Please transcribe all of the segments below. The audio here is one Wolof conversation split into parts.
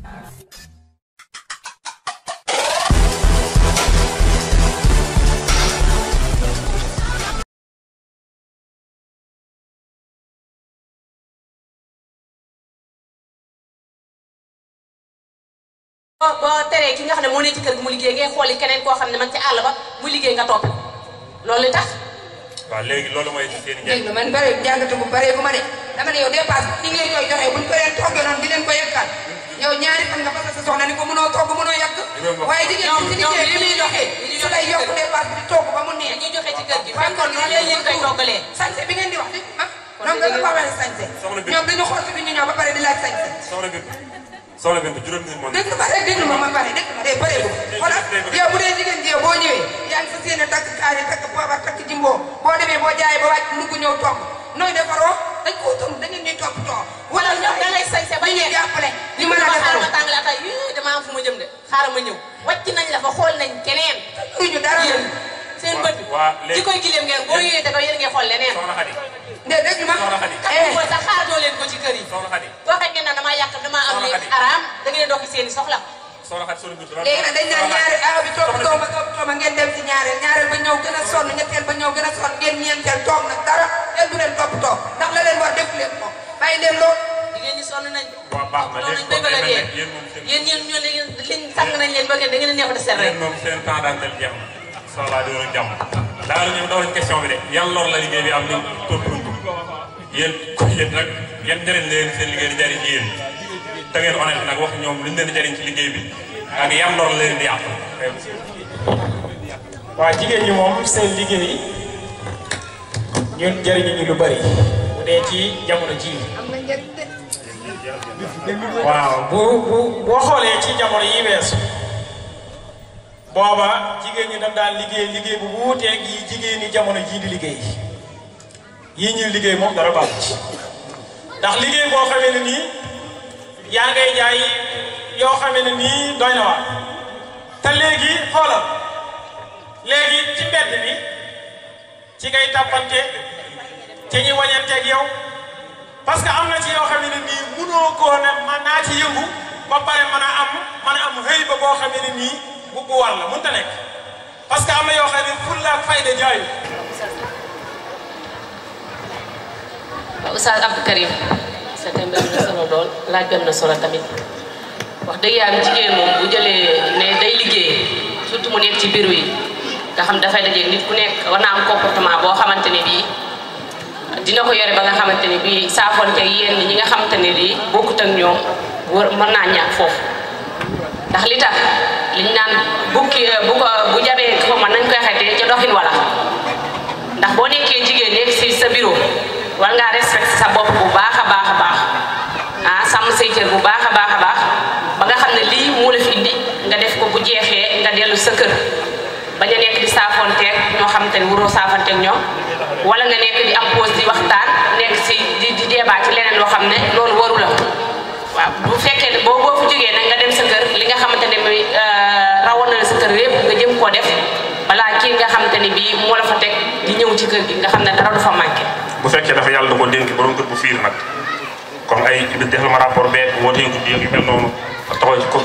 boo boo teree ki nga xam ne moo ne ci kër gi mu liggéey ngay xooli keneen koo xam ne man ci àll ba mu liggéey nga topp loolu tax. waaw léegi loolu mooy seen man bëri jàngatu bu bëree bu ma ne dama ne yow dépasse ni ngay ñooy joxe buñ bëree. dafa war a sañse. ñoom dañu xool fi ñu ñëw ba pare di laaj sañse. soxna Bintu soxna Bintu juróomi nit moo. dégg ma rek déglu ma ma pare dégg ma de bëree ko. xoolal yow bu dee jigéen ji boo ñëwee yaa ngi fas yéene takk kaani takk poobar takk jimboo boo demee boo jaayee ba wàcc ndugg ñëw togg nooy defaroo dañ ko utum da ngeen ñuy topp too. wala ñoom da ngay sañse ba ñëwee jàppale. li ma la defaroo xaaral ma tàng la tey dama am fu ma jëm de xaaral ma ñëw wàcc nañ la fa xool nañ keneen. ñu dara seen bët ci koy gileem ngeen boo yëgee da ko yéen ngeen leen ko ci ngeen naan damaa yàq damaa da ngeen doxi seen i soxla léegi nag dañ naan ñaareel aaw bi toog toog ba toog ngeen dem si ñaareel ñaareel ba gën a sonn ñetteel ba ñëw a sonn ngeen ñeenteel toog nag dara kenn du leen topp toog ndax la na ne yéen moom seen nañ leen ba ngeen salaamaaleykum di leen jàmm daanaka ñoom daw nañ question bi de yan lor la liggéey bi am nañ tontu wuñ yan njëriñ la leen seen liggéey di jariñ ci yéen da ngeen honnête nag wax ñoom luñ leen di jariñ ci liggéey bi ak yan lor la leen di yàq. waaw jigéen ñi moom seen liggéey ñun jariñu ñu lu bari dee ci jamono ji. waaw bu bu boo xoolee ci jamono yi weesu. booba jigéen ñi daf daan liggéey liggéey bu wuuteeg yi jigéen ñi jamono jii di liggéey liggéey moom dara baaxu ndax liggéey boo xamee nii yaa jaay yoo xamee nii doy na waar te léegi xoolal léegi ci mbedd bi ci ngay tàppante ci am na ci yoo xamee nii munoo koo ne man naa ci pare mën a am mën a am xëy ba boo xamee nii bubbu war la mënta nekk parce am yoo xam ne pour la fayda jaayu waaw Oustaz Karim sa thème na solo lool laaj bi na solo tamit wax dëgg yàlla jigéen moom bu jëlee ne day liggéey surtout mu ci bureau yi nga xam dafay daje nit ku nekk war naa am comportement boo xamante ne bii dina ko yore ba nga xamante ne bii saafoonte yenn ñi nga xamante ne bii bokkut ak ñoom war mën naa ñàkk foofu ndax li tax liñ naan bukki eh, bu ko bu jabee ko man nañ koy xetee ca doxin wala ndax boo nekkee jigéen nekk si sa bureau war ngaa respecté sa bopp bu baax a baax a baax ah sàmm say cër bu baax a baax a baax ba nga xam ne lii moo la fi nga def ko bu jeexee nga dellu sa kër bañ a nekk di saafonteeg ñoo xam te ne waroo saafonteeg ñoo wala nga nekk di am pause di waxtaan nekk si di di débat ci leneen loo xam ne loolu waru waaw bu fekkee boo boo fi nag nga kër yëpp nga jëm koo def balaa kii nga xam te ni bii moo la fa teg di ñëw ci kër gi nga xam ne dara du fa bu fekkee dafa yàlla da ko dénk borom kër bu fiir def la ma rapport bee wootee ko bi yu mel noonu taxaw ci ko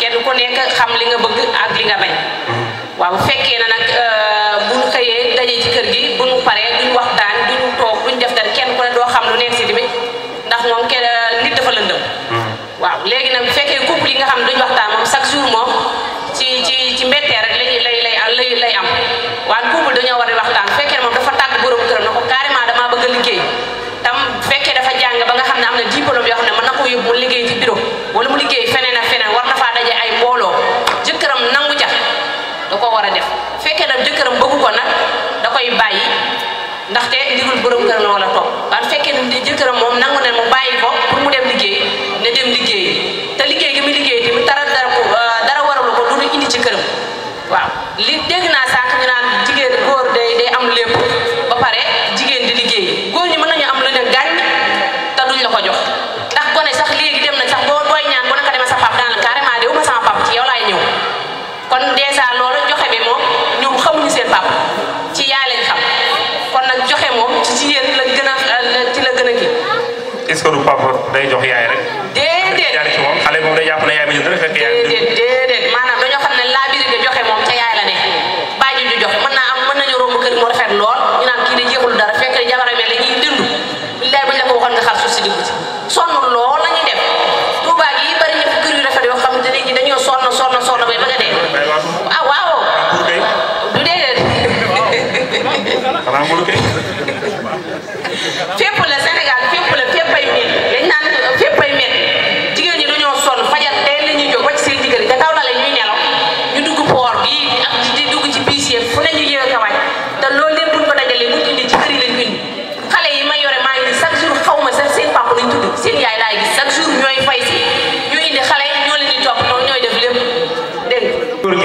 kenn ku nekk xam li nga bëgg ak li nga bañ hmm. waaw bu fekkee na nag euh, bu ñu xëyee ci kër gi ko yóbbu liggéey ci bureau wala mu liggéey feneen papa day jox yaay rek. déedéet xale moom day jàpp ne yaay ba ñu rek fekk yaay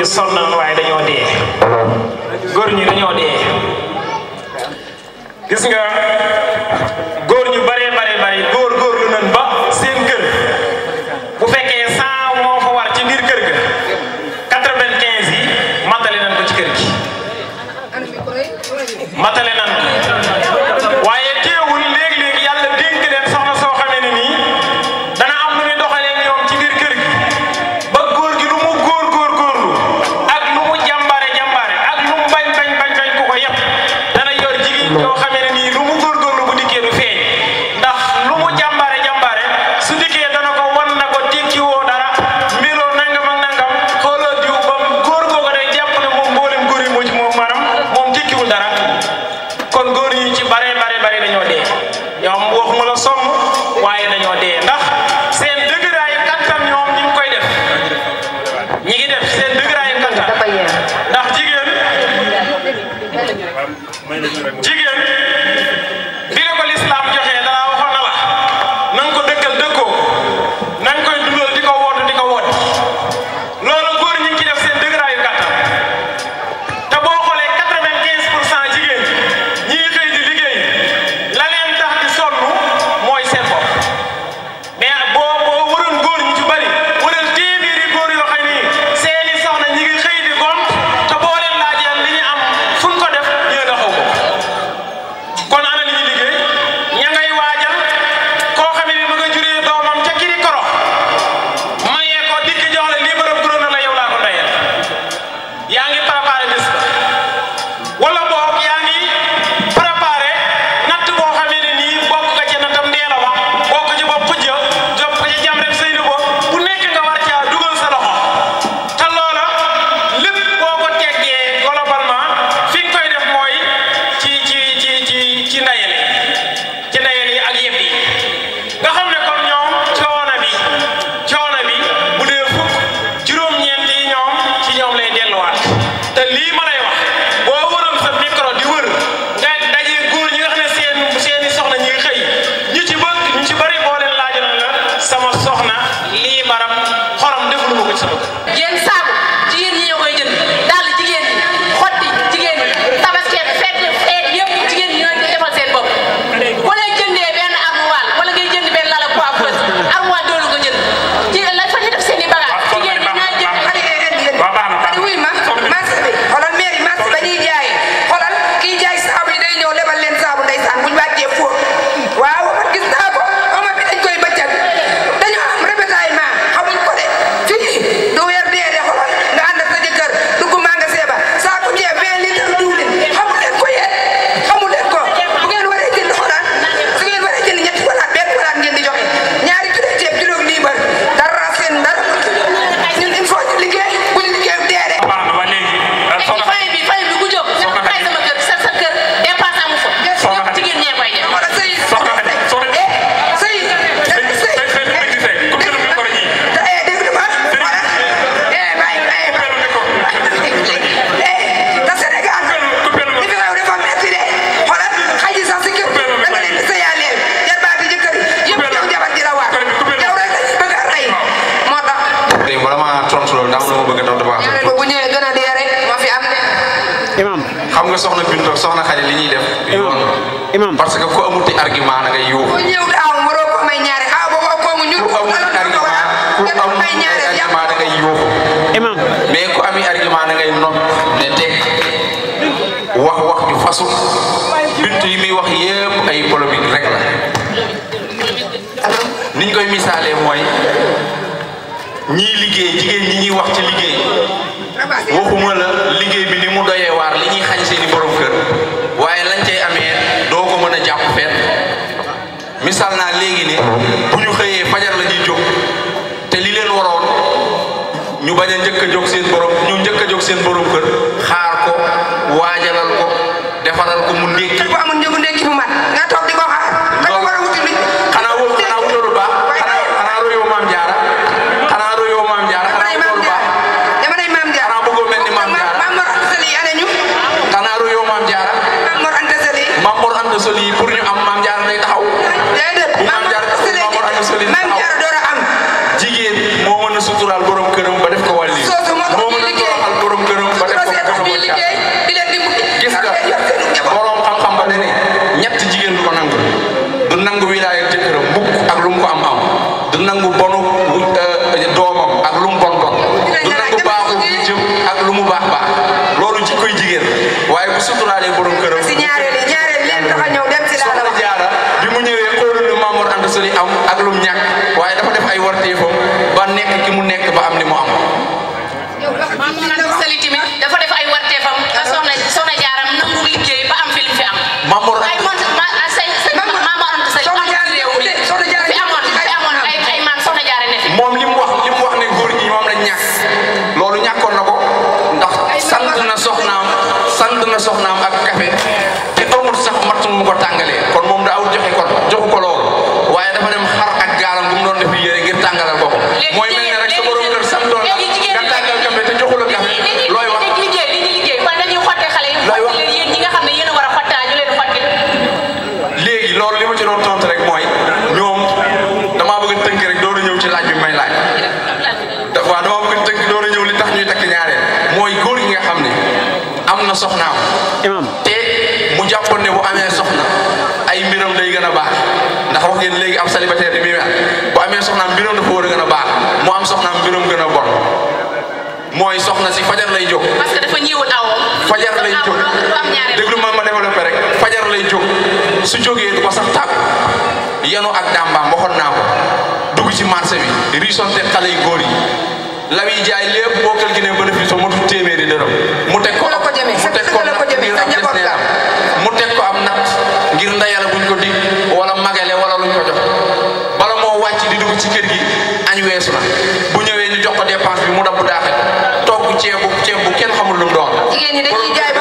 ñi sonnoon waaye dañoo dee uh-huh. góor ñi dañoo dee gis nga jigéen soxna Bintu ak soxna def. imam parce que ku amuti ah, ah, argument da ngay yóbbu. ko may ñaari aw boobu mais ku ami argument da ngay ne teg wax wax ju fasul Bintu yi muy wax yëpp ay polémique rek la. niñ koy misaalee mooy ñii liggéey jigéen ñi ñuy wax ci liggéey ah, waxuma la liggéey bi ni mu doy misaal naa léegi ne bu ñu xëyee fajar la ñuy jóg te li leen waroon ñu bañ a njëkk a jóg seen borom ñu njëkk a jóg seen borom kër soxnaam ak kafe te amul sax matt mu ko soxnaam. te mu jàppoon ne bu amee soxna ay mbiram lay gën a baax ndax wax ngeen léegi am célibataire bi muy mel bu amee soxnaam mbiram dafa war a gën a baax mu am soxnaam mbiram gën a bon mooy soxna si fajar lay jóg. dafa ñëwul awoom. fajar lay jóg ma ma rek fajar lay jóg su jógee du ko sax tàgg yanu ak dàmbaam waxoon naa ko dugg ci marché bi risonte xale yu góor yi. law yi jaay lépp boo calculé bénéfice ba motu téeméeri dërëm mu teg ko mu teg ko mu teg ko am nag ngir ndeyal buñ ko dig wala magale wala luñ ko jox bala moo wàcc di dugg ci kër gi añ weesu na bu ñëwee ñu jox ko dépense bi mu dabb daaxee togg ceebu ceeb bu kenn xamul lu mu doon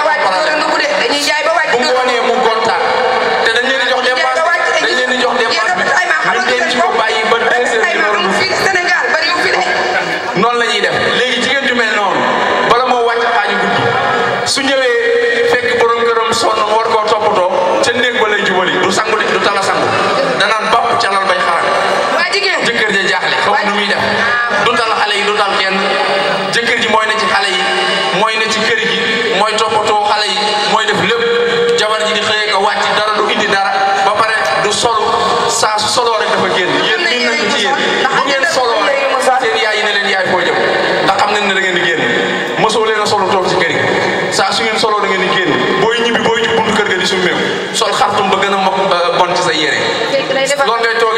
nekkoon ci sa yére loolu ngay toog